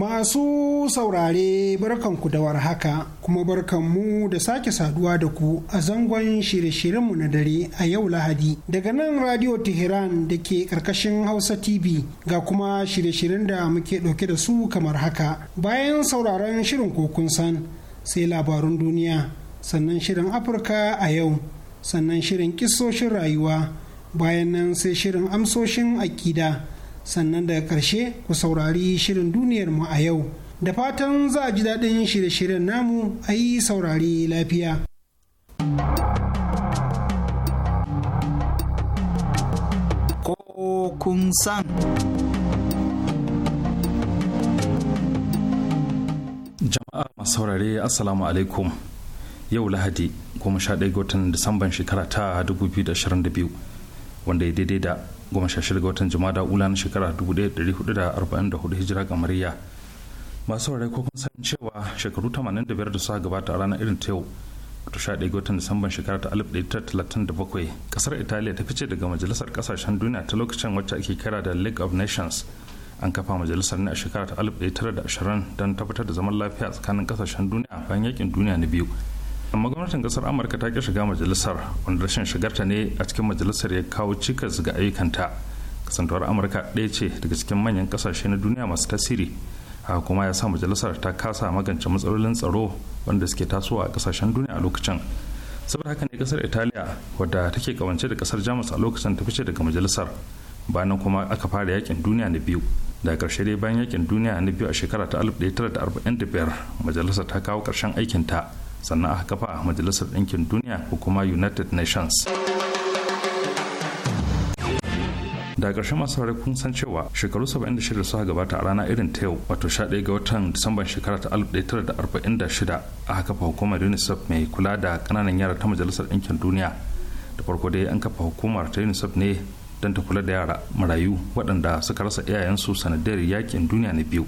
Masu saurare barkanku da warhaka kuma barkanmu da sake saduwa da ku a zangon shirye-shiryenmu na dare a yau Lahadi daga nan Radio Tehran da ke karkashin Hausa TV ga kuma shirye-shiryen da muke ɗauke da su kamar haka. Bayan sauraron shirin kokun san sai labarun duniya sannan shirin Afirka a yau sannan shirin kissoshin rayuwa bayan nan sai shirin amsoshin akida. sannan daga karshe ku saurari shirin duniyar mu a yau da fatan za a ji daɗin shirye-shiryen namu a yi saurari lafiya. Ko kun san. Jama'a masu saurare Assalamu alaikum yau Lahadi goma sha ɗaya watan Disamban shekara ta 2022 wanda ya daidai da 16 ga watan jumada ula na shekara 1444 hijira kamariya masu saurare ko kun san cewa shekaru 85 da suka gabata a ranar irin ta yau wato 11 ga watan disamban shekara ta 1937 kasar italiya ta fice daga majalisar kasashen duniya ta lokacin wacce ake kira da league of nations an kafa majalisar ne a shekara ta 1920 don tabbatar da zaman lafiya tsakanin kasashen duniya bayan yakin duniya na biyu amma gwamnatin kasar amurka ta ki shiga majalisar wanda rashin shigarta ne a cikin majalisar ya kawo cikas ga ayyukanta kasantuwar amurka ɗaya ce daga cikin manyan kasashe na duniya masu tasiri haka kuma ya sa majalisar ta kasa magance matsalolin tsaro wanda suke tasowa a kasashen duniya a lokacin saboda haka ne kasar italiya wadda take kawance da kasar jamus a lokacin ta fice daga majalisar bayan kuma aka fara yakin duniya na biyu da karshe dai bayan yakin duniya na biyu a shekara ta biyar majalisar ta kawo karshen aikinta sannan aka kafa a majalisar ɗinkin duniya ko kuma united nations da ƙarshen masu saurari kun san cewa shekaru 76 suka gabata a rana irin ta yau wato 11 ga watan disamban shekara ta 1946 aka kafa hukumar unicef mai kula da ƙananan yara ta majalisar ɗinkin duniya da farko dai an kafa hukumar ta unicef ne don ta kula da yara marayu waɗanda suka rasa iyayensu sanadiyar yakin duniya na biyu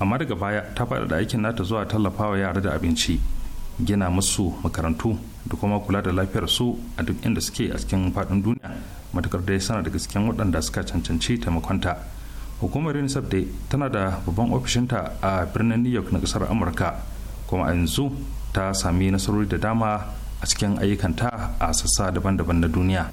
amma daga baya ta faɗaɗa aikin nata zuwa tallafawa yara da abinci gina musu makarantu da kuma kula da lafiyar su a duk inda suke a cikin faɗin duniya matakar dai sana daga cikin waɗanda suka cancanci taimakonta hukumar unicef dai tana da babban ofishinta a birnin new york na ƙasar amurka kuma a yanzu ta sami nasarori da dama a cikin ayyukanta a sassa daban-daban na duniya.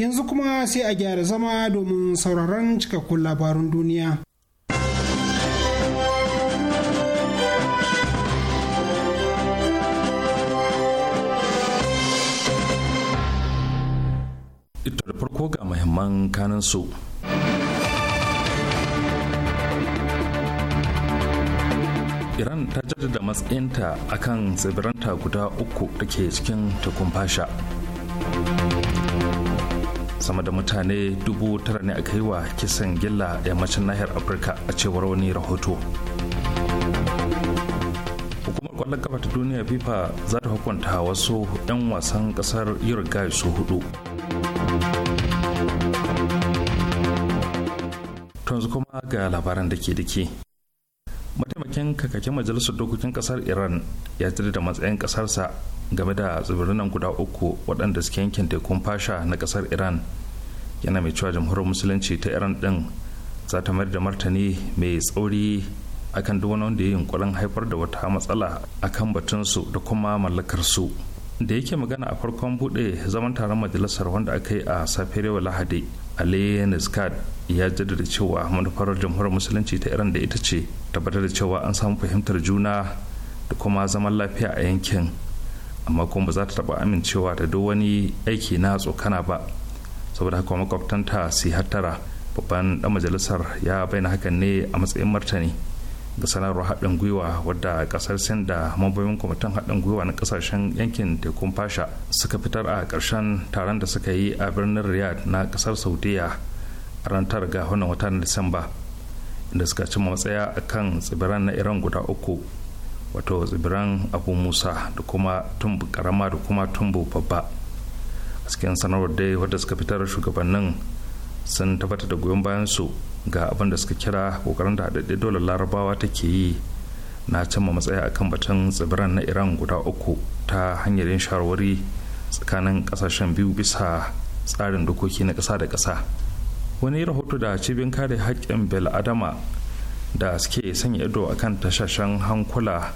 yanzu kuma sai a gyara zama domin sauraron cikakkun labarun duniya ita da farko ga muhimman kanin su iran ta jaddada matsayinta akan tsibiranta guda uku da ke cikin takun fasha sama da mutane dubu tara ne aka yi wa kisan gilla yammacin nahiyar afirka a cewar wani rahoto hukumar kwallon kafa ta duniya fifa za ta hukunta wasu 'yan wasan kasar uruguay su hudu yanzu kuma ga labaran da ke dake mataimakin kakakin majalisar dokokin kasar iran ya tare da matsayin kasarsa game da tsibirin guda uku waɗanda suke yankin tekun fasha na kasar iran yana mai cewa jamhuriyar musulunci ta iran ɗin za ta mayar da martani mai tsauri akan duk wani wanda ya yunkurin haifar da wata matsala akan batunsu da kuma mallakarsu. su da yake magana a farkon buɗe zaman taron majalisar wanda aka yi a safiyar lahadi ali nizkat ya jaddada cewa manufar jamhuriyar musulunci ta iran da ita ce tabbatar da cewa an samu fahimtar juna da kuma zaman lafiya a yankin amma kuma ba za ta taba amincewa da duk wani aiki na tsokana ba saboda haka makwabtanta su hattara babban dan majalisar ya bayyana hakan ne a matsayin martani ga sanarwar haɗin gwiwa wadda ƙasar sin da mambobin kwamitin haɗin gwiwa na ƙasashen yankin tekun fasha suka fitar a ƙarshen taron da suka yi a birnin riyadh na ƙasar saudiya a ran ga wannan watan disamba inda suka cimma matsaya a kan tsibiran na iran guda uku wato tsibiran abu musa da kuma tumbu karama da kuma tumbu babba a cikin sanarwar dai wadda suka fitar shugabannin sun tabbatar da goyon bayan su ga abin da suka kira kokarin da haɗaɗɗe dolar larabawa take yi na cimma matsaya akan batun tsibiran na iran guda uku ta hanyar yin shawarwari tsakanin ƙasashen biyu bisa tsarin dokoki na ƙasa da ƙasa wani rahoto da cibin kare haƙƙin bel adama da suke sanya ido akan tashashen hankula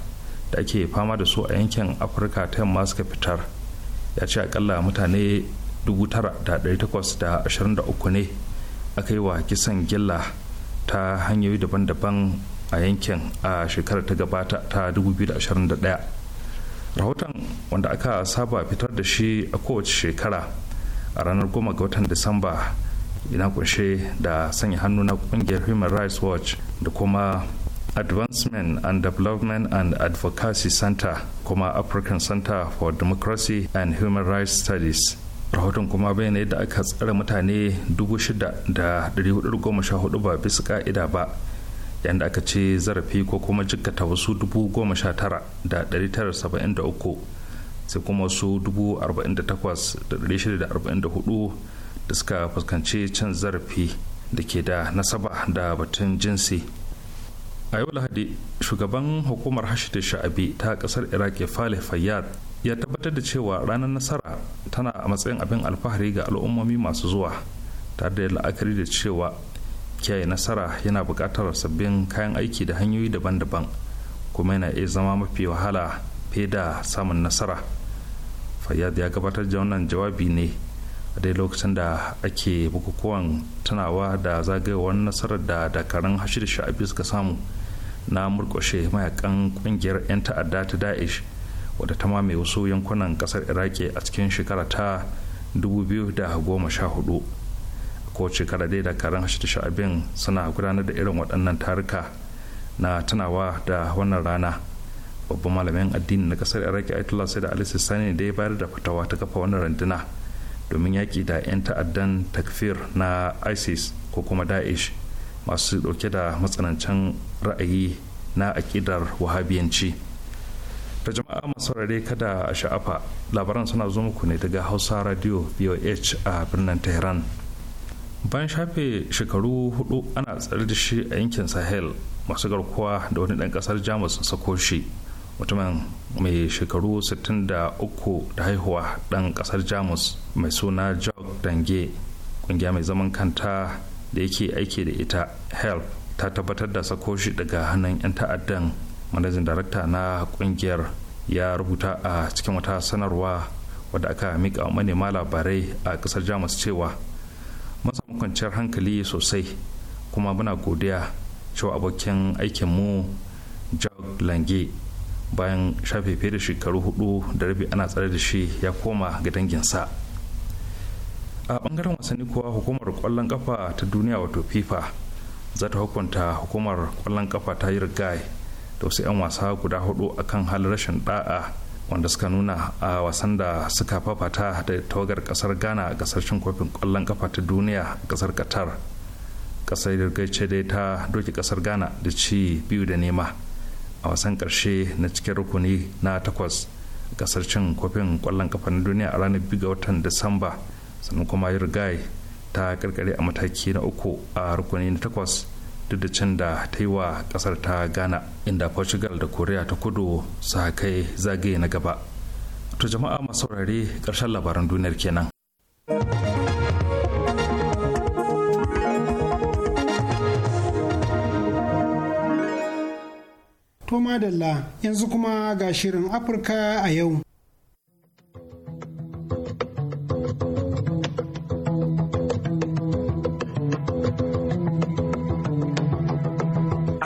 da ake fama da su a yankin afirka ta yamma suka fitar ya ce akalla mutane 9,823 ne aka yi wa kisan gilla ta hanyoyi daban-daban a yankin a shekarar ta gabata ta 2021 rahoton wanda aka saba fitar da shi a kowace shekara a ranar goma ga watan disamba ina kunshe da sanya hannu na kungiyar human rights watch da kuma advancement and development and advocacy center kuma african center for democracy and human rights studies rahoton kuma bayyana yadda aka tsare mutane 6,414 ba bisa ka'ida ba yadda aka ce zarafi ko kuma jikkata wasu 19,973 sai kuma wasu 48,644 da suka fuskanci cin zarafi da ke da nasaba da batun jinsi a yau lahadi shugaban hukumar hashe sha'abi ta kasar iraq fale fayyad ya tabbatar da cewa ranar nasara tana a matsayin abin alfahari ga al'ummomi masu zuwa tare da la'akari da cewa kiyaye nasara yana buƙatar sabbin kayan aiki da hanyoyi daban-daban kuma yana iya zama mafi wahala fiye da samun nasara fayyad ya gabatar da wannan jawabi ne a dai lokacin da ake bukukuwan tunawa da zagayowar nasarar da dakarun hashir sha'abi suka samu na murƙushe mayakan ƙungiyar 'yan ta'adda ta da'ish. wadda ta mai wasu yankunan kasar iraki a cikin shekara ta 2014 ko shekara dai dakarun hashtag abin suna gudanar da irin waɗannan taruka na tunawa da wannan rana babban malamin addini na kasar iraki ayatollah sai da alisa sani da ya bayar da fatawa ta kafa wannan randuna domin yaƙi da 'yan ta'addan takfir na isis ko kuma daesh masu ɗauke da matsanancin ra'ayi na aƙidar wahabiyanci. ta jama'a masu rare kada a sha'afa labaran suna zo muku ne daga hausa radio boh a birnin tehran bayan shafe shekaru hudu ana tsare da shi a yankin sahel masu garkuwa da wani dan kasar jamus sakoshi sako shi mutumin mai shekaru 63 da haihuwa dan kasar jamus mai suna jog dange kungiya mai zaman kanta da yake aiki da ita help ta tabbatar da sakoshi daga hannun 'yan ta'addan manajan darakta na kungiyar ya rubuta a cikin wata sanarwa wadda aka mika manema labarai a kasar jamus cewa mun kwanciyar hankali sosai kuma muna godiya cewa abokin aikinmu jog lange bayan shafe fiye da shekaru hudu da rabi ana tsare da shi ya koma ga danginsa a bangaren wasanni kuwa hukumar kwallon kafa ta duniya wato fifa za ta hukunta hukumar kwallon kafa ta yi rigai da wasu 'yan wasa guda hudu akan hal rashin da'a wanda suka nuna a wasan da suka fafata da tawagar kasar ghana a kasar kofin kwallon kafa ta duniya a kasar qatar kasar yargaice dai ta doki kasar ghana da ci biyu da nema a wasan karshe na cikin rukuni na takwas kasar cin kofin kwallon kafa na duniya a ranar biyu ga watan disamba sannan kuma yurgai ta karkare a mataki na uku a rukuni na takwas duk da can da ta yi wa kasar ta ghana inda portugal da korea ta kudu su kai zagaye na gaba to jama'a masu saurare ƙarshen labaran duniyar kenan to madalla yanzu kuma ga shirin afirka a yau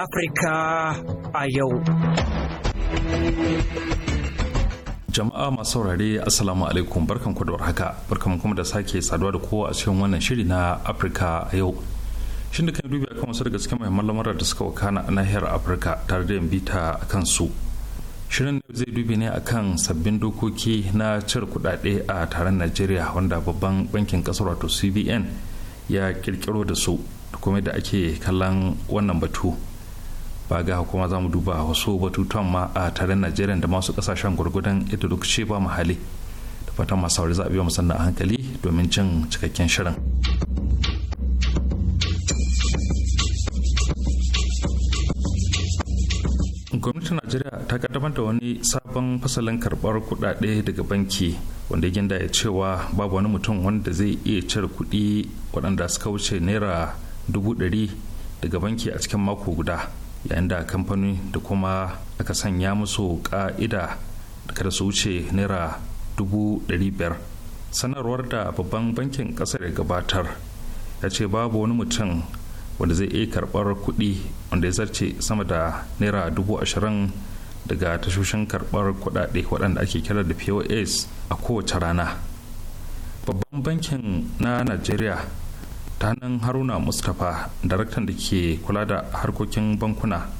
Afirka a yau. Jama'a masu saurare Assalamu alaikum barkan ku da warhaka barkan kuma da sake saduwa da kowa a cikin wannan shiri na Afirka a yau. Shin da kan dubi kan wasu daga cikin mahimman lamarar da suka wakana a nahiyar Afirka tare da yambita bita a kansu. Shirin da zai dubi ne a kan sabbin dokoki na cire kudade a taron Najeriya wanda babban bankin kasar wato CBN ya kirkiro da su kuma da ake kallon wannan batu ba ga kuma za mu duba wasu batutuwan ma a taron najeriya da masu kasashen gwargwadon ita duk ce ba mahali da fatan masu saurari zaɓi mu sannan a hankali domin cin cikakken shirin gwamnatin najeriya ta kaddamar da wani sabon fasalin karɓar kuɗaɗe daga banki wanda ginda ya cewa babu wani mutum wanda zai iya cire kuɗi waɗanda suka wuce naira dubu ɗari daga banki a cikin mako guda yayin da kamfani da kuma aka sanya musu ka'ida kada su wuce naira dubu biyar sanarwar da babban bankin kasar ya gabatar ya ce babu wani mutum wanda zai iya karbar kudi wanda ya zarce sama da naira dubu ashirin daga tashoshin karbar kudade waɗanda ake kira da pos a kowace rana babban bankin na najeriya ta hannun haruna mustapha daraktan da ke kula da harkokin bankuna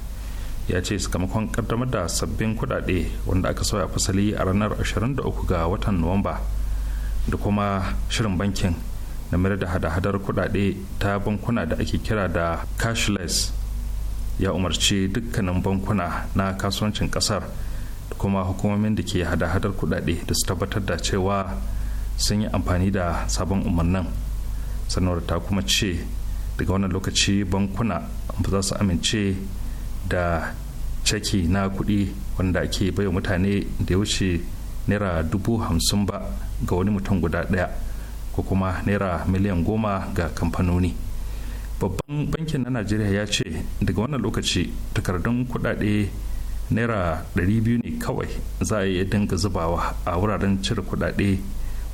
ya ce sakamakon kaddamar da sabbin kudade wanda aka sauya fasali a ranar 23 ga watan nuwamba da kuma shirin bankin na mayar da hada-hadar kudade ta bankuna da ake kira da cashless ya umarci dukkanin bankuna na kasuwancin kasar da kuma hukumomin da ke hada-hadar kudade da su tabbatar da cewa sun yi amfani da sabon umarnin. sanarwar ta kuma ce daga wannan lokaci bankuna ba za su amince da ceki na kuɗi wanda ake baiwa mutane da ya wuce naira dubu hamsin ba ga wani mutum guda ɗaya ko kuma naira miliyan goma ga kamfanoni babban bankin na najeriya ya ce daga wannan lokaci takardun kuɗaɗe naira 200 ne kawai za a iya dinga zubawa a wuraren cire kuɗaɗe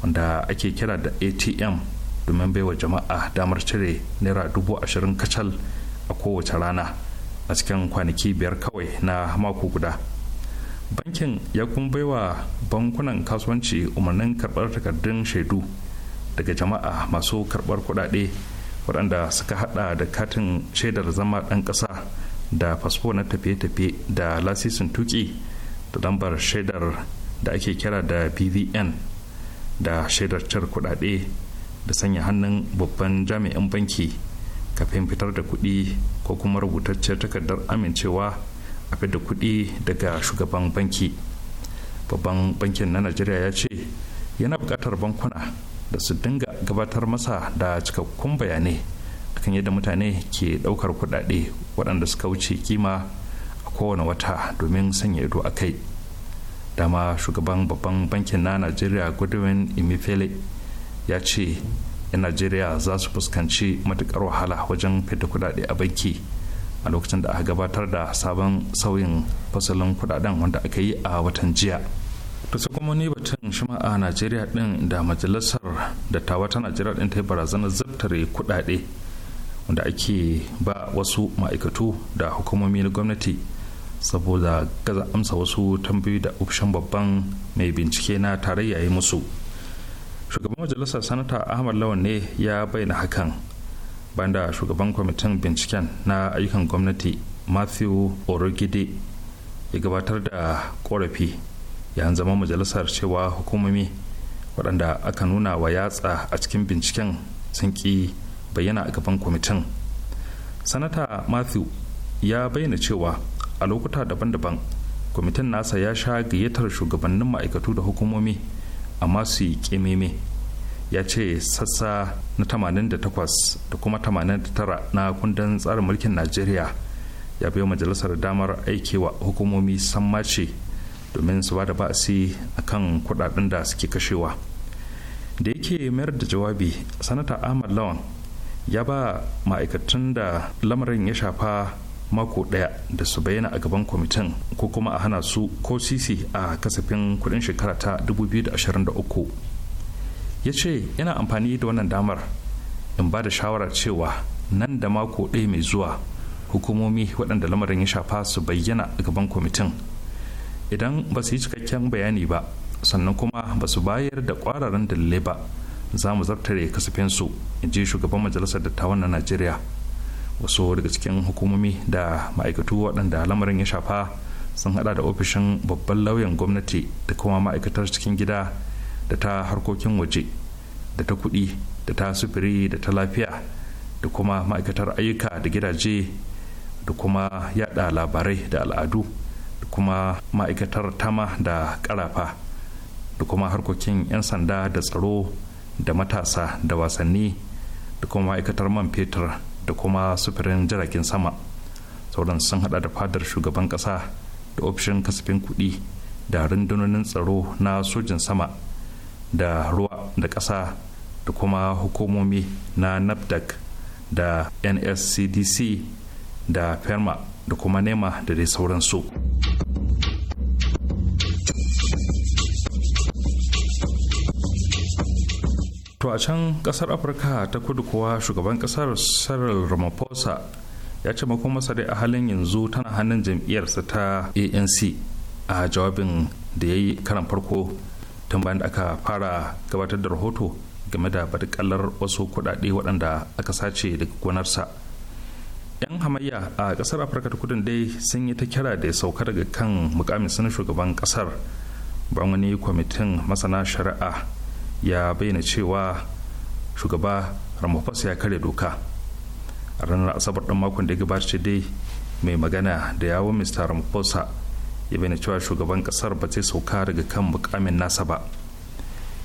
wanda ake kira da atm domin baiwa jama'a damar cire naira dubu ashirin kacal a kowace rana a cikin kwanaki biyar kawai na mako guda bankin ya kuma baiwa bankunan kasuwanci umarnin karbar takardun shaidu daga jama'a masu karbar kuɗaɗe waɗanda suka hada da katin shaidar zama ɗan ƙasa da fasfo na tafiye-tafiye da lasisin tuki da lambar shaidar da ake kira da bvn da shaidar cire kuɗaɗe da sanya hannun babban jami'in banki kafin fitar da kuɗi ko kuma rubutacce takardar amincewa a da kuɗi daga shugaban banki babban bankin na najeriya ya ce yana buƙatar bankuna da su dinga gabatar masa da cikakkun bayanai kan yadda mutane ke ɗaukar kuɗaɗe waɗanda suka wuce kima a kowane wata domin sanya ido a kai dama shugaban babban bankin na najeriya godwin imifele ya ce 'yan najeriya za su fuskanci matukar wahala wajen fita kudade a banki a lokacin da aka gabatar da sabon sauyin fasalin kudaden wanda aka yi a watan jiya ta sai kuma batun shima a najeriya din da majalisar dattawa ta najeriya din ta yi barazanar zabtare kudade wanda ake ba wasu ma'aikatu da hukumomi na gwamnati saboda gaza amsa wasu tambayoyi da ofishin babban mai bincike na tarayya ya musu shugaban majalisar sanata ahmad lawan ne ya bayyana hakan banda shugaban kwamitin binciken na ayyukan gwamnati matthew orogide ya gabatar da korafi ya zama majalisar cewa hukumomi waɗanda aka nuna wa yatsa a cikin binciken sun ƙi bayyana a gaban kwamitin sanata matthew ya bayyana cewa a lokuta daban-daban kwamitin nasa ya sha gayyatar shugabannin ma'aikatu da hukumomi amma su yi ƙememe ya ce sassa na 88 da kuma 89 na kundin tsarin mulkin najeriya ya bai majalisar damar aikewa hukumomi sammace domin su ba da ba'asi a kan kudaden da suke kashewa da yake mayar da jawabi sanata ahmad lawan ya ba ma'aikatan da lamarin ya shafa mako ɗaya da su bayyana a gaban kwamitin ko kuma a hana su ko sisi a kasafin kudin shekara ta 2023 ya ce yana amfani da wannan damar in ba da shawarar cewa nan da mako ɗaya mai zuwa hukumomi waɗanda lamarin ya shafa su bayyana a gaban kwamitin idan ba su yi cikakken bayani ba sannan kuma ba su bayar da kwararren dalilai ba za mu zartare kasafinsu in ji shugaban majalisar dattawan na najeriya wasu daga cikin hukumomi da ma'aikatu waɗanda lamarin ya shafa sun hada da ofishin babban lauyan gwamnati da kuma ma'aikatar cikin gida da ta harkokin waje da ta kuɗi da ta sufuri da ta lafiya da kuma ma'aikatar ayyuka da gidaje da kuma yada labarai da al'adu da kuma ma'aikatar tama da karafa da kuma harkokin 'yan sanda da tsaro da matasa da wasanni da kuma ma'aikatar man fetur da kuma sufurin jiragen sama sauran sun hada da fadar shugaban kasa da ofishin kasafin kudi da rundunonin tsaro na sojin sama da ruwa da kasa da kuma hukumomi na NAPDAC da nscdc da ferma da kuma nema da dai sauransu. su to a can kasar afirka ta kudu kuwa shugaban kasar cyril ramaphosa ya ce makomarsa dai a halin yanzu tana hannun jam'iyyarsa ta anc a jawabin da ya yi karan farko tun bayan da aka fara gabatar da rahoto game da batakalar wasu kudade waɗanda aka sace daga gonarsa yan hamayya a kasar afirka ta kudin dai sun yi ta kira da ya sauka daga kan mukamin sanin shugaban kasar bayan wani kwamitin masana shari'a ya bayyana cewa shugaba ramaphosa ya karya doka a ranar asabar ɗan makon da ya gabata dai mai magana da yawon mr ramaphosa ya bayyana cewa shugaban kasar ba zai sauka daga kan mukamin nasa ba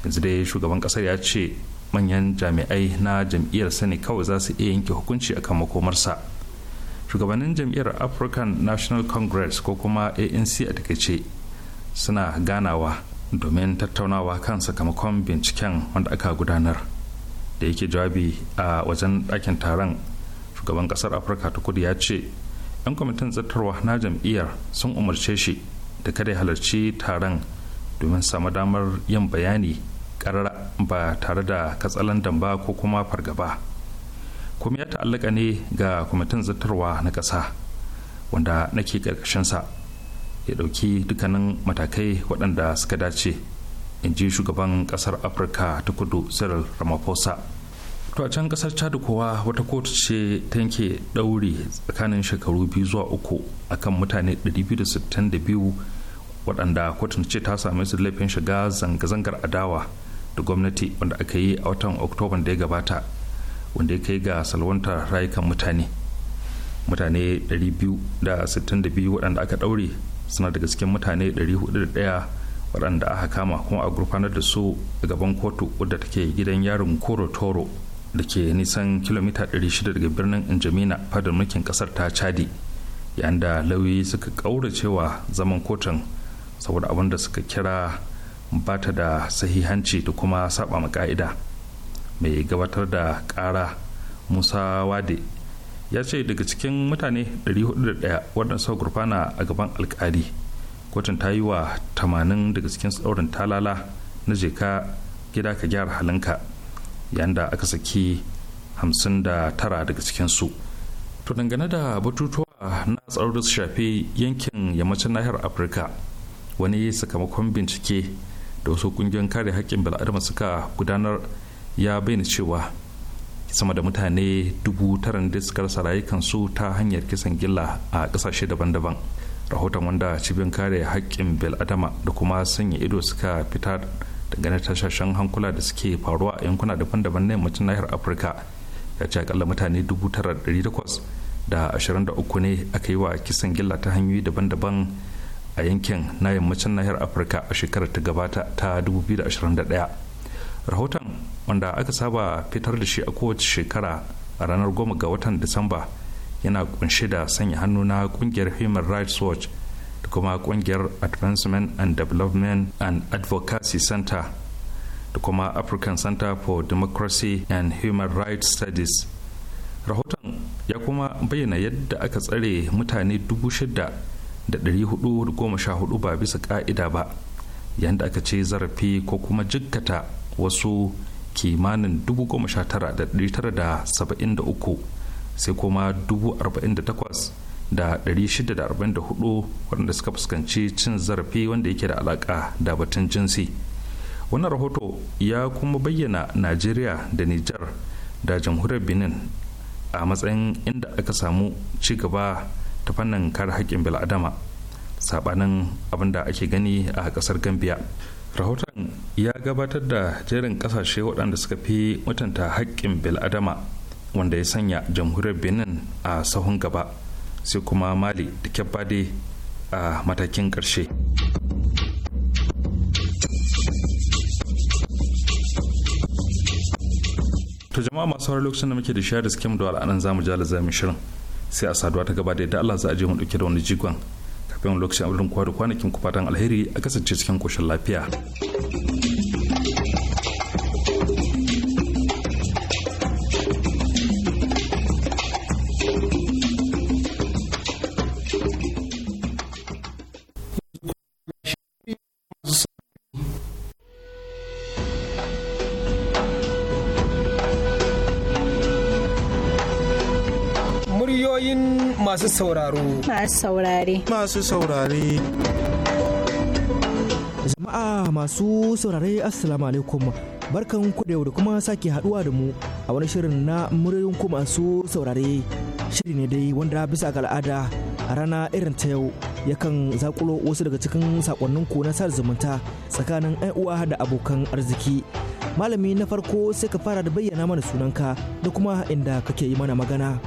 yanzu dai shugaban kasar ya ce manyan jami'ai na jam'iyyar sani kawai za su iya yanke hukunci akan makomarsa shugabannin jam'iyyar african national congress ko kuma anc a takaice suna ganawa domin tattaunawa kan sakamakon binciken wanda aka gudanar da yake jawabi a wajen ɗakin taron shugaban ƙasar afirka ta kudu ya ce 'yan kwamitin tsattarwa na jam'iyyar sun umarce shi da kada ya halarci taron domin samu damar yin bayani karara ba tare da katsalandan ba ko kuma fargaba kuma ya ta'allaka ne ga kwamitin zartarwa na ƙasa wanda nake ƙarƙashinsa ya dauki dukkanin matakai waɗanda suka dace in ji shugaban ƙasar afirka ta kudu cyril ramaphosa to a can ƙasar chad kowa wata kotu ce ta yanke ɗauri tsakanin shekaru biyu zuwa uku akan mutane 262 waɗanda kotun ce ta sami su laifin shiga zanga-zangar adawa da gwamnati wanda aka yi a watan oktoban da ya gabata wanda ya kai ga salwantar rayukan mutane mutane 262 waɗanda aka ɗaure suna daga cikin mutane 401 waɗanda aka kama kuma a gurfanar da su a gaban kotu wadda take gidan yarin koro toro da ke nisan kilomita 600 daga birnin injamina fadar mulkin kasar ta chadi yayin da lauyi suka cewa zaman kotun saboda abin da suka kira ba ta da sahihanci da kuma saba ma mai gabatar da kara musa wade ya ce daga cikin mutane 401 waɗanda sau gurfana a gaban alkali kotun ta yi wa 80 daga cikin tsaurin talala na jeka gida ka gyara halinka yayin da aka saki 59 daga cikinsu to dangane da batutuwa na tsaro da su shafi yankin yammacin nahiyar afirka wani sakamakon bincike da wasu kungiyar kare haƙƙin bil'adama suka gudanar ya bayyana cewa sama da mutane dubu tara da suka rasa rayukansu ta hanyar kisan gilla a kasashe daban-daban rahoton wanda cibin kare haƙƙin bil'adama da kuma sanya ido suka fita dangane tashashen hankula da suke faruwa a yankuna daban-daban na yammacin nahiyar afirka ya ce akalla mutane dubu tara da ashirin da uku ne aka yi wa kisan gilla ta hanyoyi daban-daban a yankin na yammacin nahiyar afirka a shekarar ta gabata ta 2021 rahoton wanda aka saba fitar da shi a kowace shekara a ranar goma ga watan disamba yana kunshe da sanya hannu na kungiyar human rights watch da kuma kungiyar advancement and development and advocacy center da kuma african center for democracy and human rights studies rahoton ya kuma bayyana yadda aka tsare mutane dubu da sha hudu ba bisa ka'ida ba yadda aka ce zarafi ko kuma jikkata wasu kimanin 19,973 sai kuma 48,644 waɗanda suka fuskanci cin zarafi wanda yake da alaƙa da batun jinsi wannan rahoto ya kuma bayyana najeriya da nijar da jamhuriyar benin a matsayin inda aka samu ci gaba ta fannin kare haƙƙin bil'adama sabanin abinda ake gani a ƙasar gambia rahoton ya gabatar da jerin kasashe waɗanda suka fi mutunta haƙƙin bil'adama wanda ya sanya jamhuriyar benin a sahun gaba sai kuma mali da kyabade a matakin ƙarshe ta jama'a masu hauwar lokacin da muke da shayar da skim da al'anan zamu ji mu shirin sai a saduwa ta gaba da yadda allah za a je mu ɗauke da wani jigon kafin lokacin abin kwa kwanakin kufatan alheri a kasance cikin koshin lafiya. masu sauraro. Masu saurare. Masu saurare. Jama'a masu saurare Assalamu alaikum. Barkan ku da yau da kuma sake haduwa da mu a wani shirin na muryoyin ku masu saurare. Shiri ne dai wanda bisa ga al'ada a rana irin ta yau yakan zakulo wasu daga cikin sakonnin ku na sada zumunta tsakanin uwa da abokan arziki. Malami na farko sai ka fara da bayyana mana sunanka da kuma inda kake yi mana magana.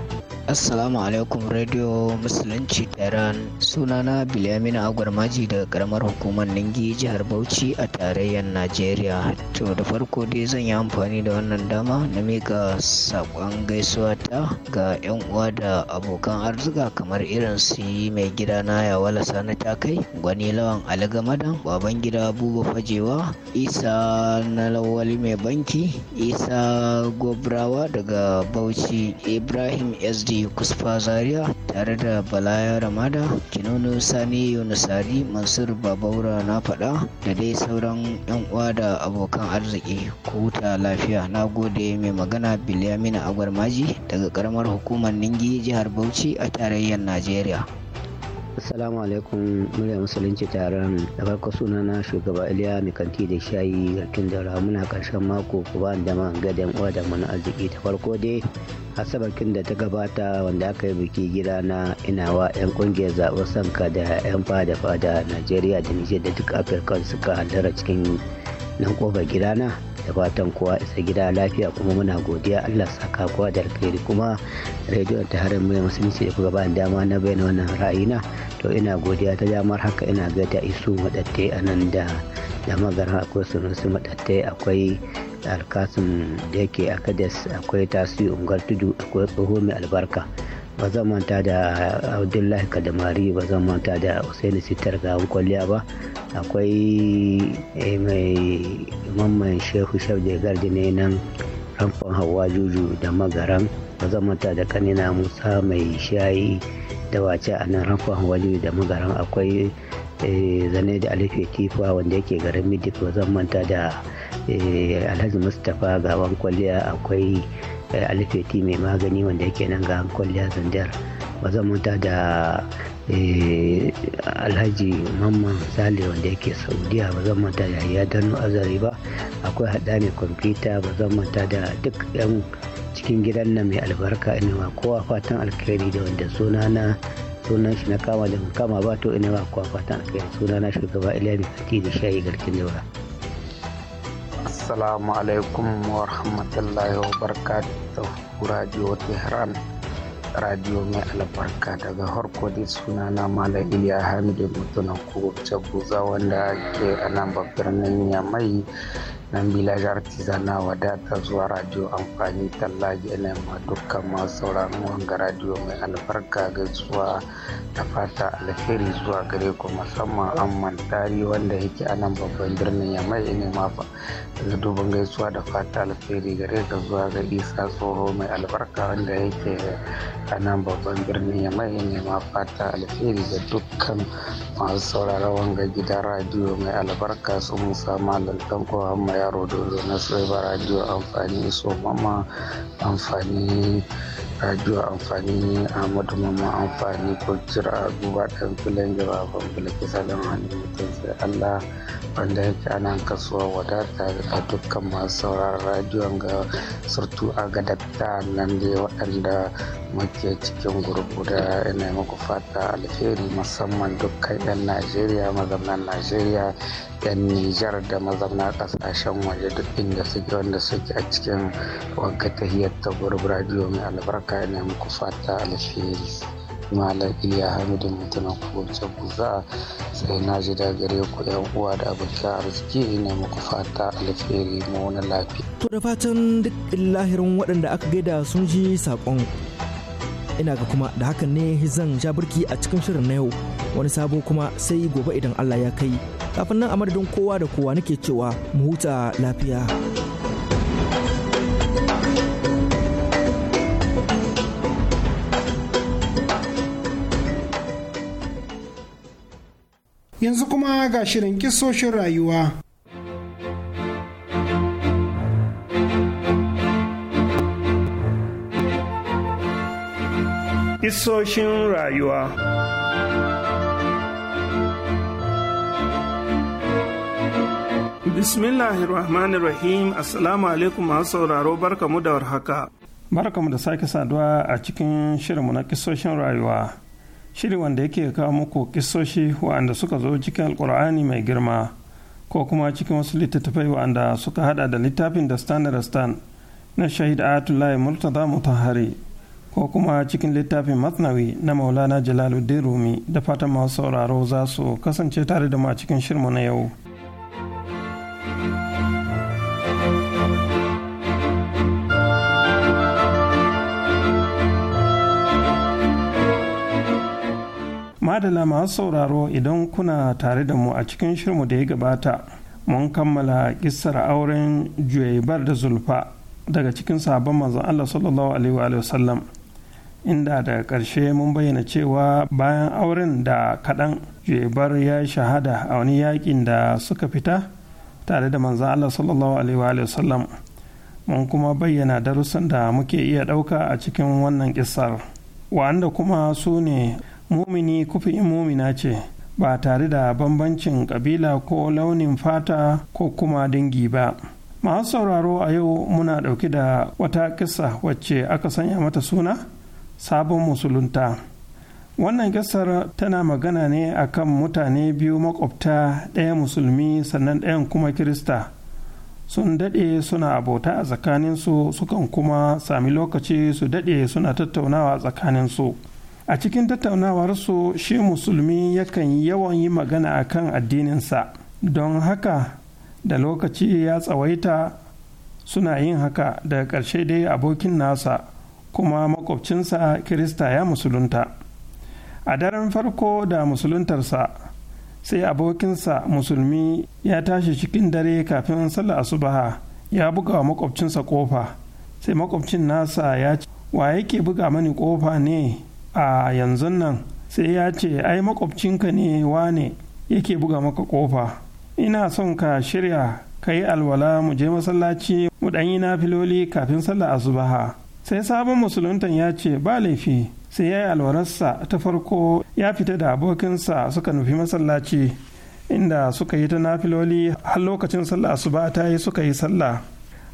Assalamu alaikum Radio Musulunci Iran. Sunana bilamina Agwarmaji daga karamar hukumar Ningi jihar Bauchi a tarayyar Najeriya. To da farko dai zan yi amfani da wannan dama na mika saƙon gaisuwa ta ga 'yan uwa da abokan arzika kamar irin su mai gida na Yawala Sani ta kai, Gwani Lawan Ali Gamadan, Baban gida Buba Fajewa, Isa na Lawali Mai Banki, Isa Gobrawa daga Bauchi, Ibrahim SD Namadi Kusfa Zaria tare da Balaya Ramada, Kinono Sani Yunusari Mansur Babaura na faɗa da dai sauran 'yan uwa da abokan arziki ku huta lafiya. Na gode mai magana Bilyamina Agwarmaji daga karamar hukumar Ningi jihar Bauchi a tarayyar Najeriya. Assalamu alaikum murya musulunci taron da farko suna na shugaba Iliya Mikanti da shayi garkin jara muna karshen mako ku ba da ma gadan uwa da mana arziki ta farko dai asabarkin da ta gabata wanda aka yi biki gida na inawa 'yan kungiyar zaɓen sanka da 'yan fada fada Najeriya da Nijar da duk Afirka suka halara cikin nan kofar gidana da fatan kowa isa gida lafiya kuma muna godiya Allah saka kowa da alkhairi kuma radio ta harin mai musulunci da kuka ba dama na bayyana wannan ra'ayina to ina godiya ta damar haka ina ga ta isu madatte a nan da da magaran akwai su madatte akwai alkasim da yake akades akwai tasiri ungar tudu akwai tsoho mai albarka ba zan manta da abdullahi kadamari ba zan manta da usaini sitar ga kwalliya ba akwai eh, mai mamman shehu shaf da gardi ne nan ramfan hawa juju da magaran ba zan manta da kanina musa mai shayi da wace a nan ramfan hawa juju da magaran akwai eh, zane da alife tifa wanda yake garin midik ba zan manta da eh, alhaji mustapha gaban kwalliya akwai Eh, alifeti mai magani wanda yake nan ga kwalliya zandar ba zan manta da eh, alhaji mamman sale wanda yake saudiya bazan zan manta da ya dano azari ba akwai hada mai kwamfuta ba manta da duk yan cikin gidan nan mai albarka inuwa kowa fatan alkhairi da wanda suna na sunan shi na kama da kama ba to inuwa kowa fatan alkhairi suna na shugaba ilami fati da shayi garkin daura. assalamu alaikum wa rahmatullahi wa barakatuh radio tehran radio mai albarka daga harko da suna na malam iliya hamidu mutunan kogobce guza wanda ke a nan babbar nan mai nan village artisana wadata zuwa radio amfani tallaji yana ma dukkan masu sauran wanga radio mai albarka gaisuwa da fata alheri zuwa gare ku musamman an mantari wanda yake a nan babban birnin ya mai ne ma fa da dubin gaisuwa da fata alheri gare ka zuwa ga isa tsoro mai albarka wanda yake a nan babban birnin ya mai ne ma fata alheri ga dukkan masu sauraron wanga gidan radio mai albarka su musa malam tanko mai. yaro na tsirba radio amfani iso mama amfani radio amfani ahmadu mama amfani ko jira ɗan filan jira ban filaki salon hannun mutum sai allah wanda yake ana kasuwa wadata a dukkan masu sauraron radiyon ga surtu a gadata nan dai waɗanda muke cikin gurbu da ina muku fata alheri musamman dukkan 'yan najeriya mazaunan najeriya 'yan Nijar da mazauna kasashen waje duk inda suke wanda suke a cikin wagga ta ta radio mai albarka ne muku fata alheri. malam iya hamidu mutuna kowace guza sai na ji da gare ku yan uwa da abokan arziki ne muku fata alheri mu wani lafiya. to da fatan duk lahirin waɗanda aka gaida sun ji saƙon ina ga kuma da hakan ne zan ja birki a cikin shirin na yau wani sabo kuma sai gobe idan Allah ya kai kafin nan a madadin kowa da kowa nake cewa mu huta lafiya yanzu kuma ga shirin kisoshin rayuwa Isoshin rayuwa. Bismillahir Rahmanir Rahim Assalamu alaikum masu sauraro barkamu da warhaka. Barkamu da sake saduwa a cikin shirinmu na kisoshin rayuwa. Shiri wanda yake kawo muku kisoshi waɗanda suka zo cikin alkur'ani mai girma ko kuma cikin wasu littattafai waɗanda suka hada da littafin da standard stand na shahid Ayatullahi Murtaza Mutahari. ko kuma cikin littafin masnawi na maulana jalaluddin rumi da fatan masu sauraro za su kasance tare da mu a cikin shirmu na yau madala masu sauraro idan kuna tare da mu a cikin shirmu da ya gabata mun kammala kissar auren juyabar da zulfa daga cikin sabon manzon allah sallallahu alaihi wa sallam inda da ƙarshe mun bayyana cewa bayan auren da kaɗan jebar ya shahada a wani yakin da suka fita tare da manzan Allah sallallahu alaihi wasallam mun kuma bayyana darussan da muke iya ɗauka a cikin wannan ƙisar wanda kuma su ne mumini kufi mumina ce ba tare da bambancin ƙabila ko launin fata ko kuma dingi ba. masu sauraro a yau muna ɗauki da wata kisa wacce aka sanya mata suna sabon musulunta wannan gasar tana magana ne akan mutane biyu makwabta ɗaya musulmi sannan ɗayan kuma kirista sun daɗe suna abota a tsakaninsu sukan kuma sami lokaci su daɗe suna tattaunawa a tsakaninsu a cikin tattaunawarsu shi musulmi yakan yawan yi magana a kan addininsa don haka da lokaci ya tsawaita suna yin haka daga ƙarshe dai abokin nasa kuma makwabcinsa kirista ya musulunta a daren farko da musuluntarsa sai abokinsa musulmi ya tashi cikin dare kafin sallar asubaha ya buga wa makwabcinsa kofa sai makwabcin nasa ya ce wa yake buga mani kofa ne a yanzu nan sai ya ce ai makwabcinka ne wa ne yake buga maka kofa ina son ka shirya ka yi alwala mu je masallaci mu ɗan yi na filoli kafin sallar asubaha sai sabon musuluntan ya ce ba laifi sai ya yi alwararsa ta farko ya fita da abokinsa suka nufi masallaci inda suka yi ta nafiloli har lokacin sallah asuba ta yi suka yi sallah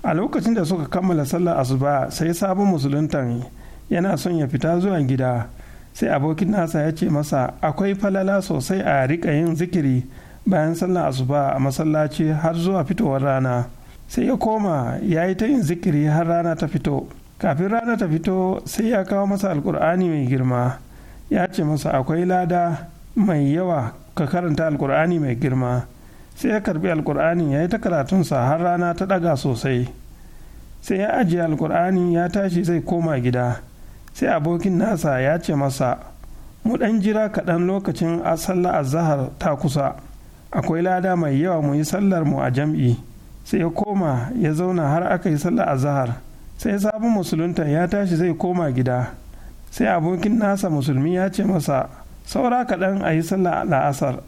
a lokacin da suka kammala sallah asuba sai sabon musuluntan yana son ya fita zuwa gida sai abokin nasa ya ce masa akwai falala sosai a rika yin zikiri bayan sallah asuba a masallaci har zuwa fitowar rana sai ya koma ya yi ta yin zikiri har rana ta fito kafin rana ta fito sai ya kawo masa alkur'ani mai girma ya ce masa akwai lada mai yawa ka karanta alkur'ani mai girma sai ya karbi alkur'ani ya yi ta karatunsa har rana ta ɗaga sosai sai ya ajiye alkur'ani ya tashi zai koma gida sai abokin nasa ya ce masa mu ɗan jira kaɗan lokacin a sallar azahar ta kusa akwai lada mai yawa mu yi sallar mu a jam'i sai ya koma ya zauna har aka yi sallar azahar sai sabon musulunta ya tashi zai koma gida sai abokin nasa musulmi ya ce masa saura kaɗan a yi sallah la'asar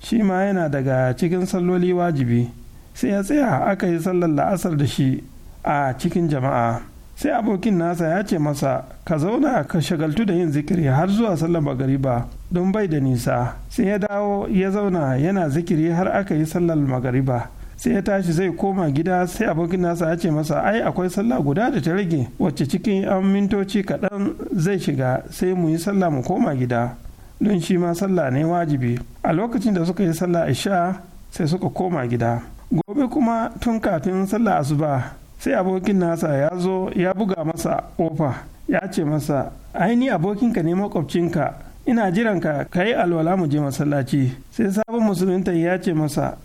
shi ma yana daga cikin salloli wajibi sai ya tsaya aka yi sallar la'asar da shi a cikin jama'a sai abokin nasa ya ce masa ka zauna ka shagaltu da yin zikiri har zuwa sallar magariba don bai da nisa sai ya dawo ya zauna yana zikiri har aka yi sallar magariba sai ya tashi zai koma gida sai abokin nasa ya ce masa ai akwai sallah guda da ta rage wacce cikin yan mintoci kaɗan zai shiga sai mu yi sallah mu koma gida don shi ma sallah ne wajibi a lokacin da suka yi sallah isha sai suka koma gida gobe kuma tun kafin sallah asuba sai abokin nasa ya zo ya buga masa kofa ya ce masa Aini abokinka ne makwabcinka ina jiranka ka yi alwala mu je masallaci sai sabon musulunta ya ce masa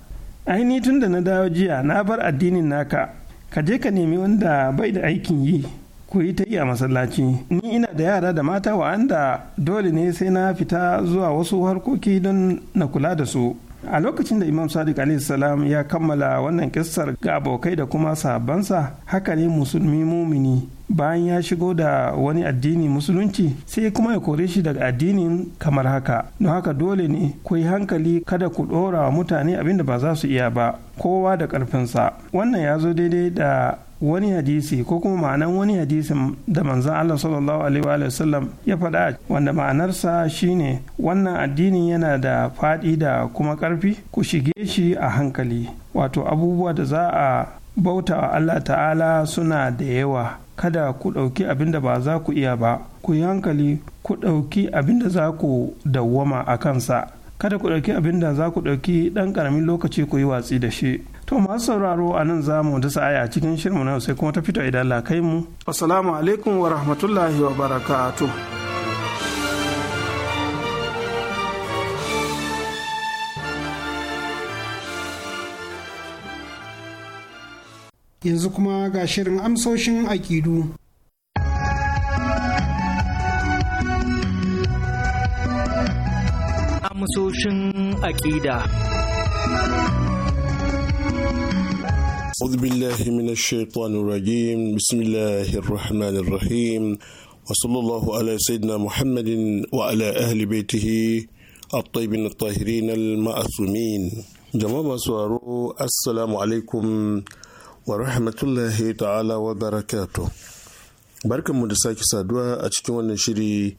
Ai ni tun da na dawo jiya na bar addinin naka ka je ka nemi wanda bai da aikin yi ku yi ta iya masallaci ni ina da yara da mata wa'anda dole ne sai na fita zuwa wasu harkoki don na kula da su a lokacin da imam sadiq salam ya kammala wannan kissar ga abokai da kuma sabonsa haka ne musulmi mumini bayan ya shigo da wani addini musulunci sai kuma ya kore shi daga addinin kamar haka don haka dole ne ku yi hankali kada ku ɗora wa mutane abinda ba za su iya ba kowa da ƙarfinsa wannan ya zo daidai da wani hadisi ko kuma ma'anan wani hadisin da manzan Allah sallallahu alaihi wa sallam ya faɗa wanda ma'anarsa shine wannan addinin yana da faɗi da kuma ƙarfi ku shige shi a hankali wato abubuwa da za a bauta wa Allah ta'ala suna da yawa kada ku ɗauki abin da ba za ku iya ba ku yi hankali ku ɗauki abin da za ku dawwama a kansa kada ku ɗauki abin da za ku ɗauki ɗan ƙaramin lokaci ku yi watsi da shi To masu sauraro a nan zamu mu da sa'aya cikin shirmu na sai kuma ta fito idan la kai mu. Assalamu alaikum wa rahmatullahi wa barakatuh. Yanzu kuma ga shirin amsoshin aƙidu. Amsoshin aƙida. أعوذ بالله من الشيطان الرجيم بسم الله الرحمن الرحيم وصلى الله على سيدنا محمد وعلى أهل بيته الطيبين الطاهرين المعصومين جماعة سوارو السلام عليكم ورحمة الله تعالى وبركاته barkan mu da sake saduwa a cikin wannan shiri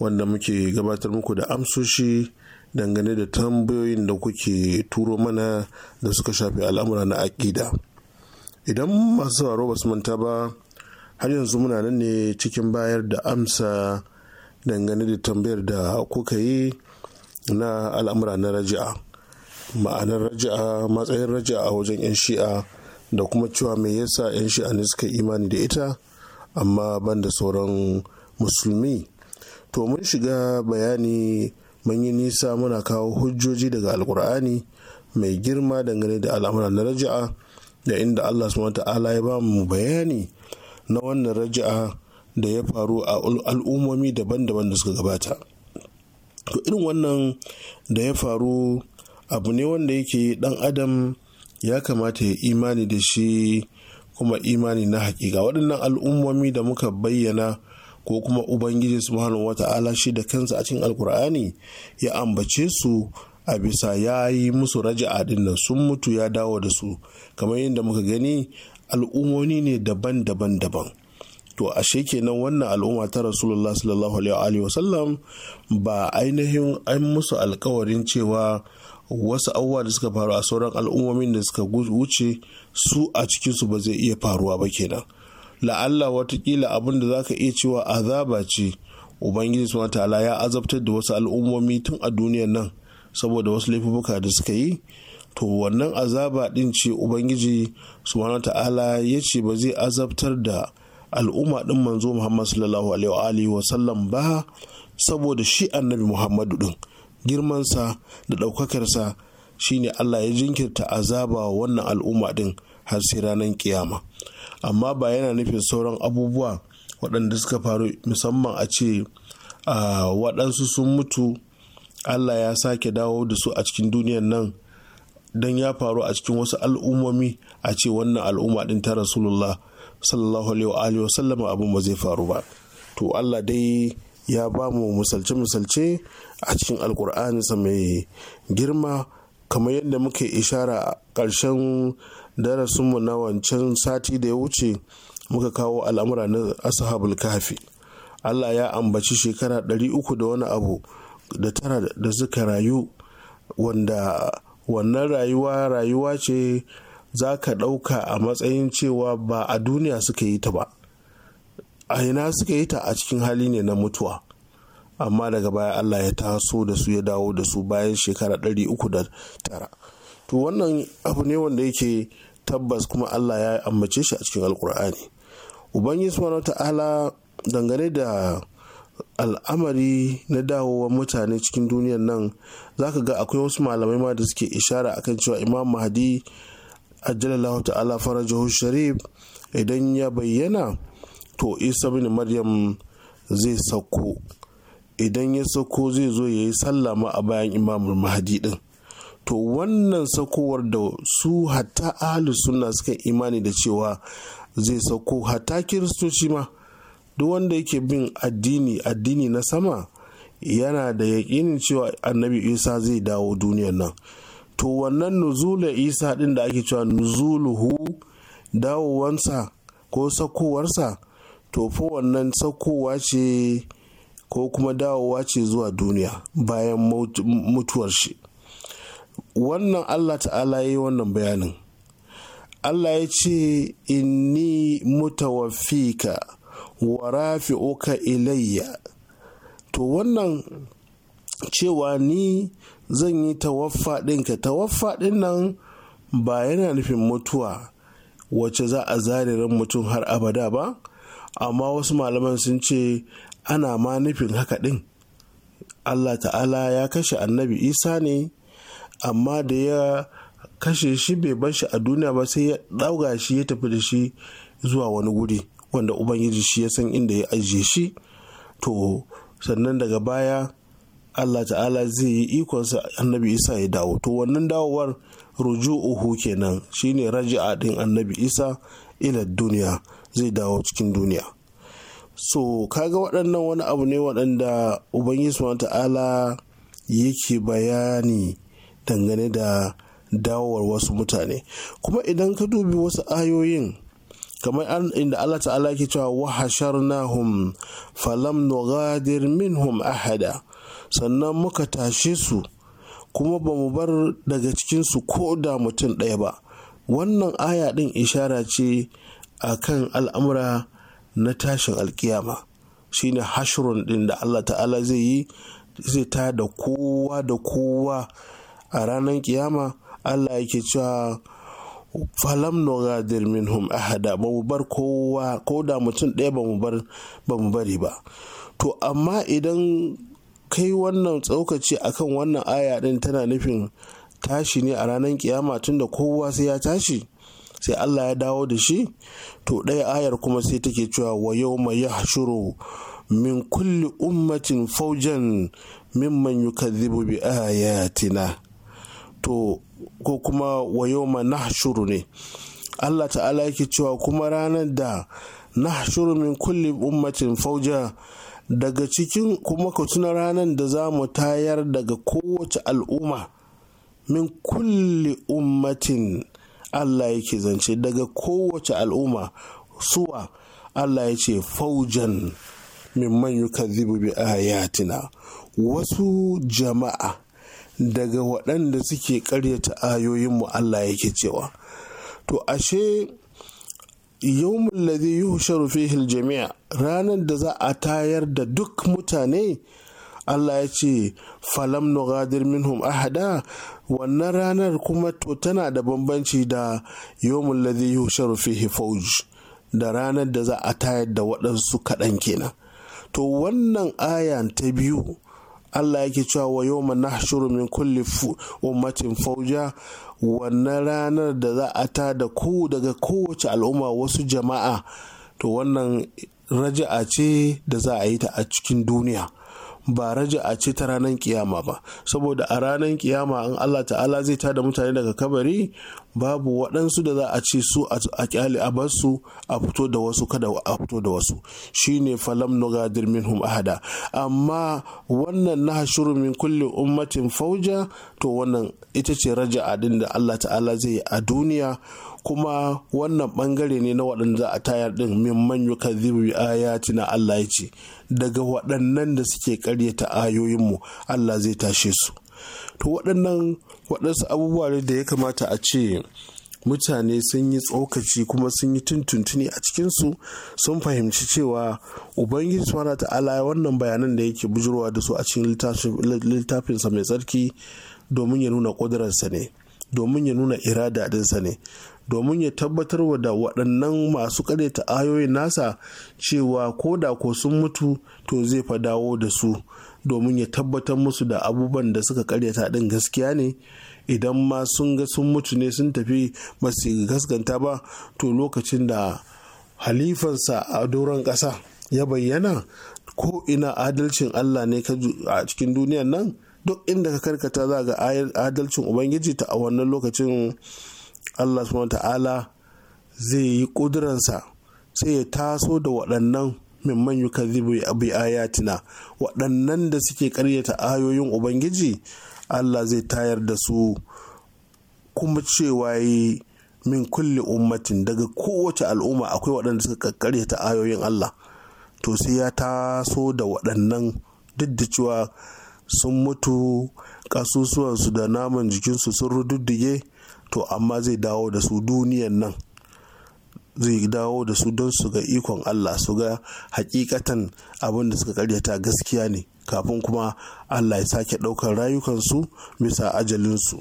wanda muke gabatar muku da amsoshi dangane da tambayoyin da kuke turo mana da suka shafi al'amura na aƙida. idan masu sauraro ba su manta ba har yanzu muna nan ne cikin bayar da amsa dangane da tambayar da kuka yi na al'amura na raja'a ma'anar raja'a matsayin raja'a a wajen 'yan shi'a da kuma cewa mai yasa 'yan shi'a ne suka imani da ita amma ban da sauran musulmi to mun shiga bayani mun yi nisa muna kawo hujjoji daga alkur'ani mai girma dangane da al'amura na raja'a da inda Allah subhanahu ta'ala ya ba mu bayani na wannan raja'a da ya faru a al'ummomi daban-daban da suka gabata to irin wannan da ya faru abu ne wanda yake dan adam ya kamata ya imani da shi kuma imani na hakika waɗannan al'ummomi da muka bayyana ko kuma ubangiji subhanahu wata'ala shi da kansa a cikin alkur'ani ya ambace su a bisa ya yi musu raja'a din nan sun mutu ya dawo da su kamar yadda muka gani al'ummomi ne daban-daban daban to ashe kenan wannan al'umma ta rasulullah sallallahu alaihi wasallam ba ainihin an musu alkawarin cewa wasu abubuwa da suka faru a sauran al'ummomin da suka wuce su a cikinsu ba zai iya faruwa ba kenan la'alla watakila abin da za ka iya cewa azaba ce ubangiji suna ta'ala ya azabtar da wasu al'ummomi tun a duniyar nan saboda wasu laifuka da suka yi to wannan azaba din ce ubangiji subhanahu ta'ala ya ce ba zai azabtar da al'umma din manzo muhammad sallallahu alaihi wa sallam ba saboda shi annabi muhammadu din girmansa da ɗaukakarsa shine allah ya jinkirta azaba wannan al'umma din har sai ranar kiyama amma ba yana nufin sauran abubuwa waɗanda suka faru musamman a ce waɗansu sun mutu allah ya sake dawo da su a cikin duniyan nan don ya faru a cikin wasu al'ummomi a ce wannan al'umma din ta rasulullah sallallahu alaihi wa sallama abin ba zai faru ba to allah dai ya ba mu misalce-misalce a cikin alkur'ani mai girma kamar yadda muke ishara a ƙarshen darasinmu na wancan sati da ya wuce muka kawo al'amura na ashabul Allah ya ambaci shekara ɗari uku da wani abu da tara da suka rayu wanda wannan rayuwa rayuwa ce za ka ɗauka a matsayin cewa ba a duniya suka yi ta ba a ina suka yi ta a cikin hali ne na mutuwa amma daga baya allah ya taso da su ya dawo da su bayan shekara ɗari uku da tara to wannan abu ne wanda yake tabbas kuma allah ya ambace shi a cikin alkur'ani ubangiji subhanahu ta'ala dangane da al'amari na dawowa mutane cikin duniyar nan zaka ga akwai wasu malamai ma da suke ishara akan cewa imam mahdi ajalallahu ta'ala farajahu sharif idan ya bayyana to isa bin maryam zai sauko idan ya sauko zai zo ya yi sallama a bayan imamul mahdi din to wannan saukowar da su hatta ahalus suna suka imani da cewa zai sauko hatta kiristoci ma duk wanda yake bin addini addini na sama yana da yaƙinin cewa annabi isa zai dawo duniyar nan to wannan nuzula isa ɗin da ake cewa nuzuluhu dawowansa ko sakowarsa to fa wannan sakowa ce ko kuma dawowa ce zuwa duniya bayan mutuwar shi wannan allah ta'ala ya yi wannan bayanin allah ya ce in ni inni mutawaffika wa oka ilayya to wannan cewa ni zan yi tawaffa ɗinka tawaffa ɗin nan ba yana nufin mutuwa wacce za a ran mutum har abada ba amma wasu malaman sun ce ana ma nufin haka ɗin allah ta'ala ya kashe annabi isa ne amma da ya kashe shi bai bar shi a duniya ba sai ya ɗauga shi ya tafi da shi zuwa wani guri wanda ubangiji shi ya san inda ya ajiye shi to sannan daga baya allah ta'ala zai yi ikonsa annabi isa ya dawo to wannan dawowar ruju'uhu kenan shine raji'a din annabi isa ila duniya zai dawo cikin duniya so kaga waɗannan wani abu ne waɗanda ubangiji ta'ala yake bayani dangane da dawowar wasu mutane kuma idan ka dubi wasu ayoyin kamar inda Allah ta'ala ke cewa wahasharnahum falam nugadir minhum ahada sannan muka tashe su kuma ba mu bar daga cikin su ko da mutum ɗaya ba wannan aya ɗin ishara ce a kan al'amura na tashin alkiyama shine hashrun ɗin da Allah ta'ala zai yi zai ta da kowa da kowa a ranar kiyama Allah yake cewa falam nogadir minhum ahada ba mu bar kowa ko da mutum ɗaya ba mu bar ba mu bari ba to amma idan kai wannan tsaukaci akan wannan aya din tana nufin tashi ne a ranar kiyama tunda kowa sai ya tashi sai Allah ya dawo da shi to ɗaya ayar kuma sai take cewa wa yawma yahshuru min kulli ummatin faujan mimman yukadhibu bi ayatina to ko kuma wayoma shuru ne Allah ta'ala yake cewa kuma ranar da shuru min kulli ummatin fauja daga cikin kuma ka tuna ranar da za mu tayar daga kowace al'umma min kulli ummatin Allah yake zance daga kowace al'umma suwa Allah ya ce faujan min man kazibu bi ayatina wasu jama'a daga waɗanda suke ƙaryata ayoyinmu Allah yake cewa to ashe yawmul ladhi yuhsharu fihi jami'a ranar da za a tayar da duk mutane Allah ya ce falam nugadir minhum ahada wannan ranar kuma to tana da bambanci da yawmul ladhi yuhsharu fihi fawj da ranar da za a tayar da waɗansu kaɗan kenan to wannan aya ta biyu Allah yake cewa wa yawma nahshuru min kulli ummatin fauja wannan ranar da za a ta da ku daga kowace al'umma wasu jama'a to wannan raja'a ce da za a yi ta a cikin duniya ba raja'a ce ta ranar kiyama ba saboda a ranar kiyama in Allah ta'ala zai ta da mutane daga kabari babu waɗansu da za a ce su a kyale a bar su a fito da wasu kada a fito da wasu shine falam nugadir minhum ahada amma wannan na hashuru min kulli ummatin fauja to wannan ita ce raja'a din da Allah ta'ala zai yi a duniya kuma wannan bangare ne na waɗanda za a tayar din min man ayati na Allah ya ce daga waɗannan da suke ƙaryata ayoyinmu Allah zai tashe su to waɗannan waɗansu abubuwa ne da ya kamata a ce mutane sun yi tsokaci kuma sun yi tuntuntuni a cikinsu sun fahimci cewa ubangiji subhanahu ta'ala wannan bayanan da yake bujurwa da su a cikin littafinsa mai tsarki domin ya nuna ƙudurarsa ne domin ya nuna irada ɗinsa ne domin ya tabbatar da waɗannan masu ta ayoyin nasa cewa ko da ko sun mutu to zai fa dawo da su domin ya tabbatar musu da abubuwan da suka karyata din gaskiya ne idan ma sun ga sun mutu ne sun tafi ba su gaskanta ba to lokacin da halifansa a doron ƙasa ya bayyana ko ina adalcin Allah ne a cikin duniyan nan duk inda ka karkata za ga adalcin ubangiji ta a wannan lokacin Allah subhanahu ta'ala zai yi ƙuduransa sai ya taso da waɗannan min mimman yukadhibu bi ayatina waɗannan da suke ƙaryata ayoyin ubangiji Allah zai tayar da su kuma cewa yi min kulle ummatin daga kowace al'umma akwai waɗanda suka ƙaryata ayoyin Allah to sai ya taso da waɗannan duk da cewa sun mutu ƙasusuwansu da naman jikinsu sun rududdige to amma zai dawo da su duniyan nan zai dawo da su don su ga ikon Allah su ga hakikatan abin da suka karyata gaskiya ne kafin kuma Allah ya sake ɗaukar rayukansu bisa ajalinsu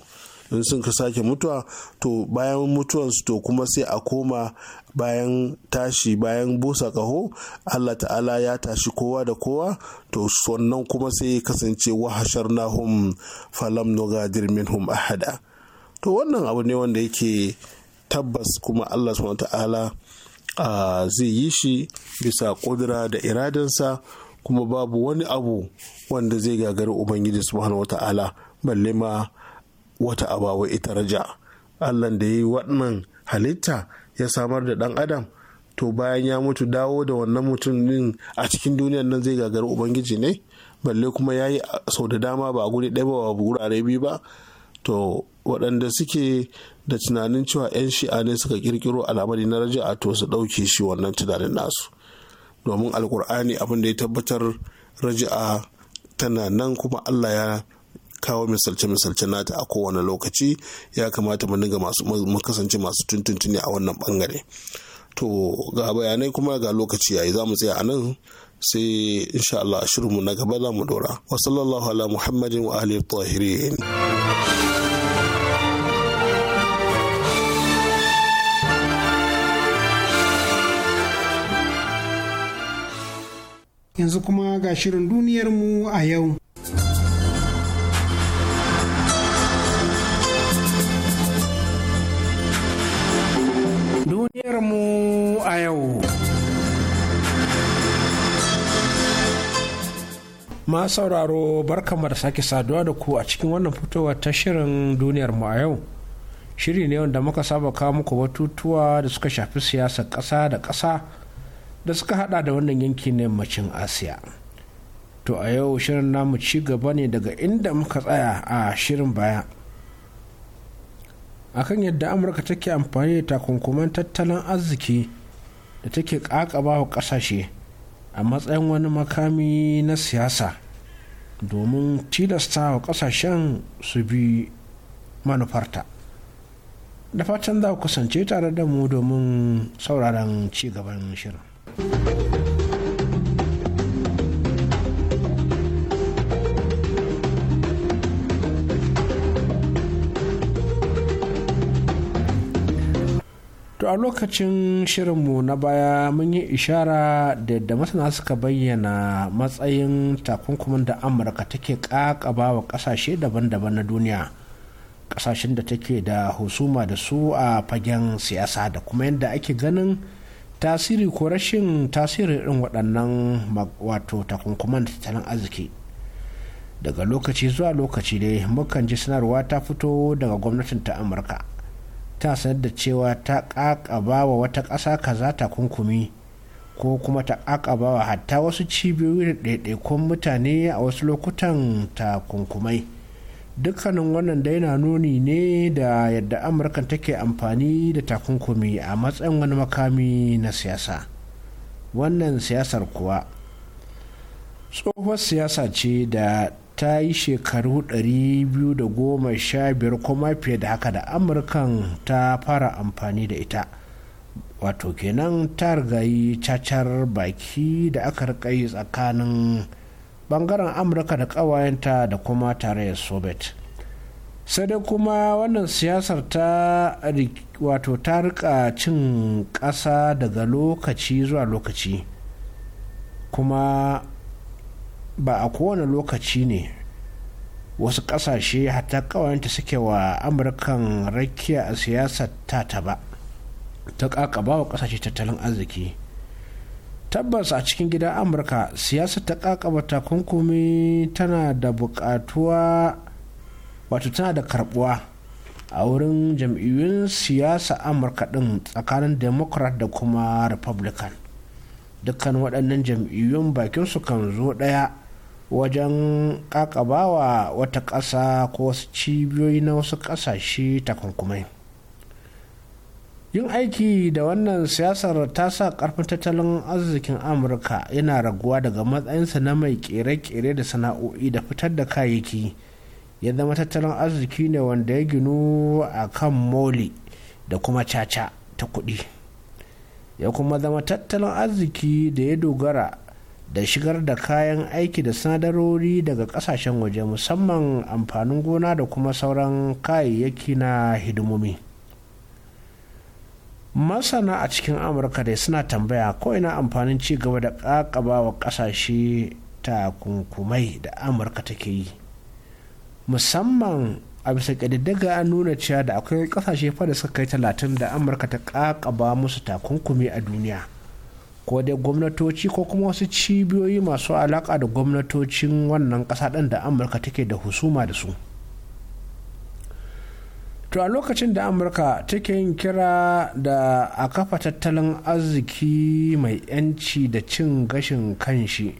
in sun ka sake mutuwa to bayan mutuwansu to kuma sai a koma bayan tashi bayan busa kaho Allah ta'ala ya tashi kowa da kowa to wannan kuma sai kasance wahashar nahum falam nugadir minhum ahada to wannan abu ne wanda yake tabbas kuma Allah subhanahu ta'ala zai yi shi bisa kudura da iradansa kuma babu wani abu wanda zai gagari ubangiji subhanahu wata'ala balle ma wata abawa ita raja Allah da yi wannan halitta ya samar da ɗan adam to bayan ya mutu dawo da wannan mutum din a cikin duniyan nan zai gagari ubangiji ne balle kuma ya yi sau da dama ba a guri ɗaya ba ba wurare biyu ba to waɗanda suke da tunanin cewa 'yan shi'a ne suka kirkiro al'amari na a to su ɗauke shi wannan tunanin nasu domin alkur'ani abin da ya tabbatar raja'a tana nan kuma allah ya kawo misalce-misalce nata a kowane lokaci ya kamata mu mu kasance masu tuntuntuni a wannan bangare to ga bayanai kuma ga lokaci yayi za mu tsaya a nan sai insha Allah shirinmu na gaba za mu dora wa sallallahu ala muhammadin wa alihi tahirin yanzu kuma ga shirin duniyarmu a yau. Duniyarmu a yau. Ma sauraro barkamu da sake saduwa da ku a cikin wannan fitowa ta shirin duniyarmu a yau. Shiri ne wanda muka saba kawo muku batutuwa da suka shafi siyasar ƙasa da ƙasa. da suka hada da wannan yanki na yammacin asiya to a yau shirin namu ci gaba ne daga inda muka tsaya a shirin baya akan yadda amurka take amfani da takunkuman tattalin arziki da take kakaba wa kasashe a matsayin wani makami na siyasa domin tilasta wa kasashen su bi manufarta da fatan za ku kusance tare da mu domin sauraron cigaban shirin a lokacin shirinmu na baya mun yi ishara da yadda masana suka bayyana matsayin takunkumin da amurka take kakaba wa kasashe daban-daban na duniya kasashen da take da husuma da su a fagen siyasa da kuma yadda ake ganin tasiri ko rashin tasiri irin waɗannan wato takunkuman tattalin arziki daga lokaci zuwa lokaci dai mukan ji sanarwa ta fito daga gwamnatin ta amurka ta sanar da cewa ta ƙaƙaba wa wata ƙasa kaza takunkumi ko kuma ta ƙaƙaba wa hatta wasu cibiyoyi da ɗaiɗaikun mutane a wasu lokutan takunkumai dukkanin wannan da yana nuni ne da yadda amurka take amfani da takunkumi a matsayin wani makami na siyasa wannan siyasar kuwa tsohuwar siyasa ce da ta yi shekaru 215 kuma fiye da haka da amurkan ta fara amfani da ita wato kenan ta rigayi cacar baki da aka rikai tsakanin bangaren amurka da ƙawayenta da kuma tarayyar soviet sai dai kuma wannan siyasar ta wato ta rika cin ƙasa daga lokaci zuwa lokaci kuma ba a kowane lokaci ne wasu ƙasashe hatta ƙawayenta suke wa amurkan rakiya a siyasar ta ta ba ta wa ƙasashe tattalin arziki tabbas a cikin gidan amurka siyasa ta kakaba takunkumi tana da bukatuwa wato tana da karbuwa a wurin jam'iyyun siyasa amurka din tsakanin democrat da kuma republican dukkan waɗannan jam'iyyun bakin su kan zo ɗaya wajen kakabawa wata ƙasa ko wasu cibiyoyi na wasu ƙasashe takunkumai yin aiki da wannan siyasar ta sa karfin tattalin arzikin amurka yana raguwa daga matsayinsa na mai kere-kere da sana'o'i da fitar da kayayyaki ya zama tattalin arziki ne wanda ya ginu a kan moli da kuma caca ta kuɗi ya kuma zama tattalin arziki da ya dogara da shigar da kayan aiki da sinadarori daga kasashen waje musamman amfanin gona da kuma sauran kayayyaki na hidimomi. masana a cikin amurka dai suna tambaya ko ina amfanin ci gaba da kakaba wa kasashe takunkumai da amurka take yi musamman a bisa ƙididdiga an nuna cewa da akwai kasashe fa suka kai talatin da amurka ta kakaba musu takunkumi a duniya ko dai gwamnatoci ko kuma wasu cibiyoyi masu alaka da gwamnatocin wannan ƙasa ɗin da amurka take da husuma da su to a lokacin da amurka take yin kira da a kafa tattalin arziki mai yanci da cin gashin kanshi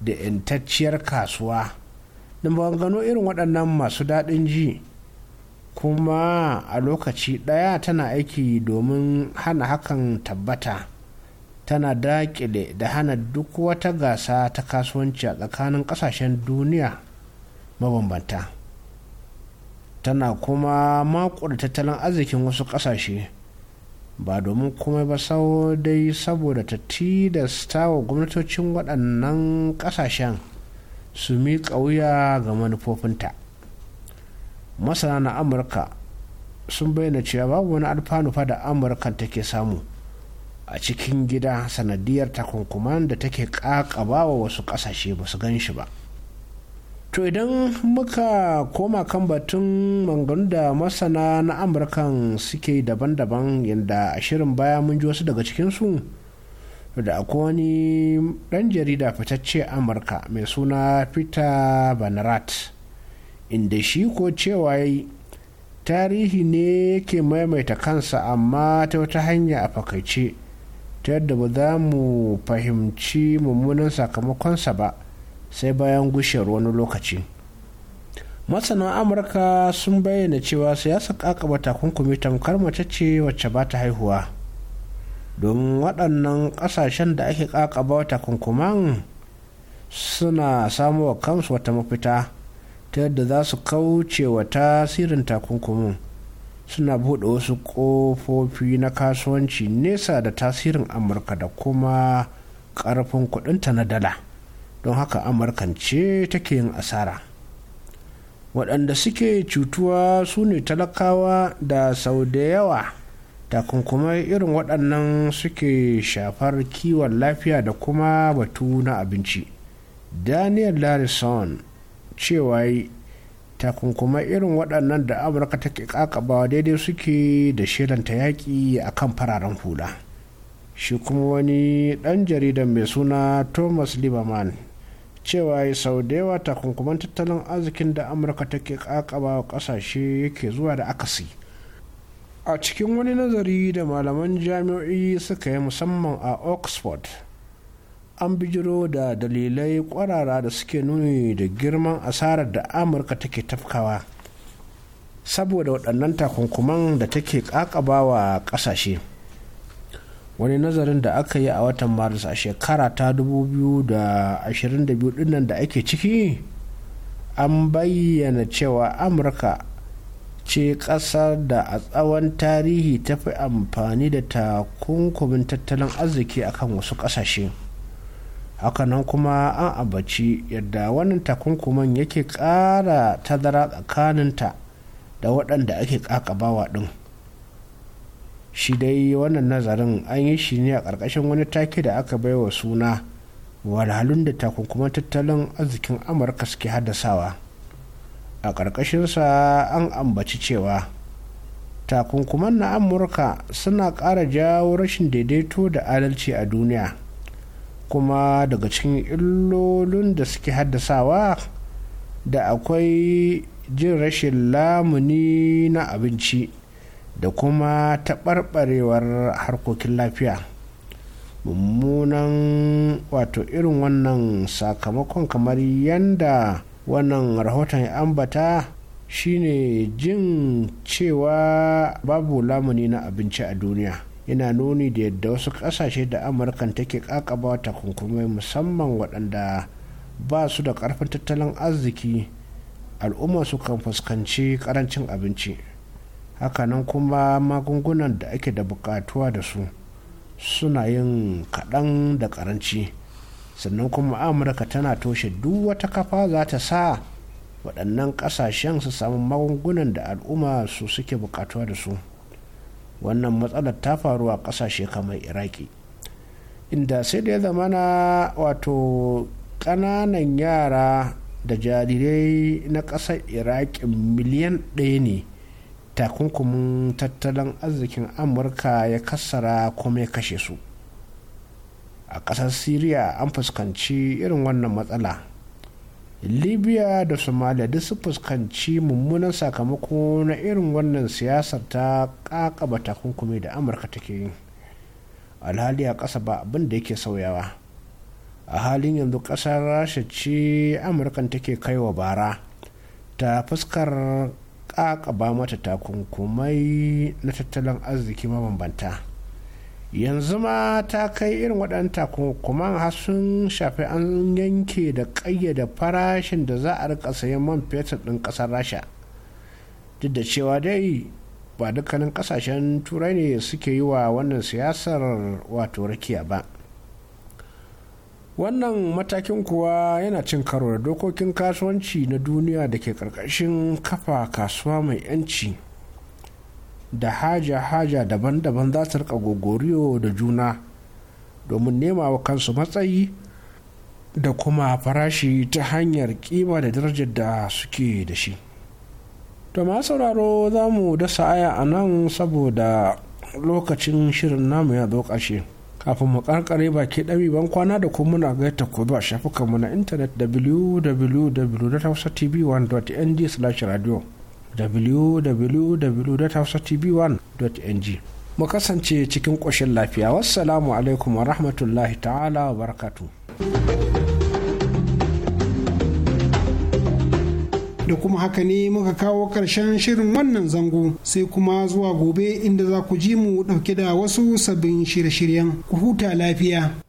da intacciyar kasuwa da gano irin waɗannan masu daɗin ji kuma a lokaci ɗaya tana aiki domin hana hakan tabbata tana daƙile da hana duk wata gasa ta kasuwanci a tsakanin ƙasashen duniya mabambanta. tana kuma makuda tattalin arzikin wasu kasashe ba domin komai ba sau dai saboda ta tilasta wa gwamnatocin waɗannan ƙasashen su miƙa wuya ga manufofinta masana na amurka sun bayyana cewa babu wani alfanufa da amurka take samu a cikin gida sanadiyar takunkuman da take kakaba wa wasu ƙasashe ba su gan shi ba to idan muka koma kan batun manganu da masana na amurka suke daban-daban yadda a shirin baya mun ji wasu daga cikinsu da akwai wani ɗan jarida fitacce amurka mai suna peter banarat inda shi ko cewa tarihi ne ke maimaita kansa amma ta wata hanya a fakaice ta yadda ba za mu fahimci mummunan sakamakonsa ba sai bayan gushewar wani lokaci masana amurka sun bayyana cewa siyasa kakaba takunkumi tamkar mace ce wacce ba ta haihuwa domin waɗannan ƙasashen da ake kakaba takunkuman suna wa kansu wata mafita ta yadda za su kauce wa tasirin takunkumin suna buɗe wasu ƙofofi na kasuwanci nesa da tasirin amurka da kuma ƙarfin kuɗinta na dala don haka amurkan ce take yin asara waɗanda suke cutuwa su ne talakawa da sau da yawa takunkumai irin waɗannan suke shafar kiwon lafiya da kuma batu na abinci daniel larison cewa takunkuma irin waɗannan da amurka take kakabawa daidai suke da ta yaƙi a kan fararen hula shi kuma wani ɗan jaridan mai suna thomas lieberman cewa ya sau da yawa takunkuman tattalin arzikin da amurka take kakaba wa kasashe yake zuwa da akasi a cikin wani nazari da malaman jami'o'i suka yi musamman a oxford an bijiro da dalilai kwarara da suke nuni da girman asarar da amurka take tafkawa saboda waɗannan takunkuman da take kakaba wa ƙasashe. wani nazarin da aka yi a watan maris a shekara ta 2022 dinnan da ake ciki an bayyana cewa amurka ce kasar da a tsawon tarihi ta fi amfani da takunkumin tattalin arziki akan wasu kasashe hakanan kuma an abaci yadda wannan takunkuman yake kara tazara tsakaninta da waɗanda ake ƙaƙabawa ɗin. shi dai wannan nazarin an yi shi ne a ƙarƙashin wani take da aka bai wa suna walhalun da takunkuman tattalin arzikin amurka suke haddasawa a ƙarƙashinsa an ambaci cewa takunkuman na amurka suna ƙara jawo rashin daidaito da adalci a duniya kuma daga cikin illolin da suke haddasawa da akwai jin rashin lamuni na abinci da kuma taɓarɓarewar harkokin lafiya mummunan wato irin wannan sakamakon kamar yadda wannan rahoton ya ambata shine jin cewa babu lamuni na abinci a duniya ina nuni da yadda wasu kasashe da amurkan take kakaba takunkumai musamman waɗanda ba su da ƙarfin tattalin arziki al'umma su kan fuskanci ƙarancin abinci hakanan kuma magungunan da ake da bukatuwa da su suna yin kaɗan da ƙaranci sannan kuma amurka tana toshe duk wata kafa za ta sa waɗannan ƙasashen su samu magungunan da al'umma su suke bukatuwa da su wannan matsalar ta faru a ƙasashe kamar iraki inda sai da ya na wato ƙananan yara da jarirai na ƙasar iraki miliyan ɗaya ne takunkumin tattalin arzikin amurka ya kassara kuma ya kashe su a ƙasar syria an fuskanci irin wannan matsala libya da somalia duk su fuskanci mummunan sakamako na irin wannan siyasar ta kakaba takunkumi da amurka take yi alhali a ƙasa ba abinda da yake sauyawa a halin yanzu ƙasar rasha ce amurkan take kaiwa bara ta fuskar ba mata takunkumai na tattalin arziki mabambanta yanzu ma ta kai irin waɗannan takunkuman har sun shafi an yanke da ƙayyada farashin da za a rika sayan man fetur ɗin ƙasar rasha duk da cewa dai ba dukkanin ƙasashen turai ne suke yi wa wannan siyasar wato rakiya ba wannan matakin kuwa yana cin karo da dokokin kasuwanci na duniya da ke karkashin kafa kasuwa mai yanci da haja-haja daban-daban za su rika gogoriyo da juna domin nema wa kansu matsayi da kuma farashi ta hanyar kima da darajar da suke da shi to ma sauraro za mu dasa aya a nan saboda lokacin shirin namu ya zo ƙarshe. kafin mu karkare baki ɗami ban kwana da kuma muna gaita ku zuwa mu na intanet www.hausatv1.ng slash radio www.hausatv1.ng mu kasance cikin ƙoshin lafiya wassalamu alaikum wa rahmatullahi ta'ala wa da kuma haka ne muka kawo ƙarshen shirin wannan zango sai kuma zuwa gobe inda za ku ji mu ɗauke da wasu sabbin shirye-shiryen ku huta lafiya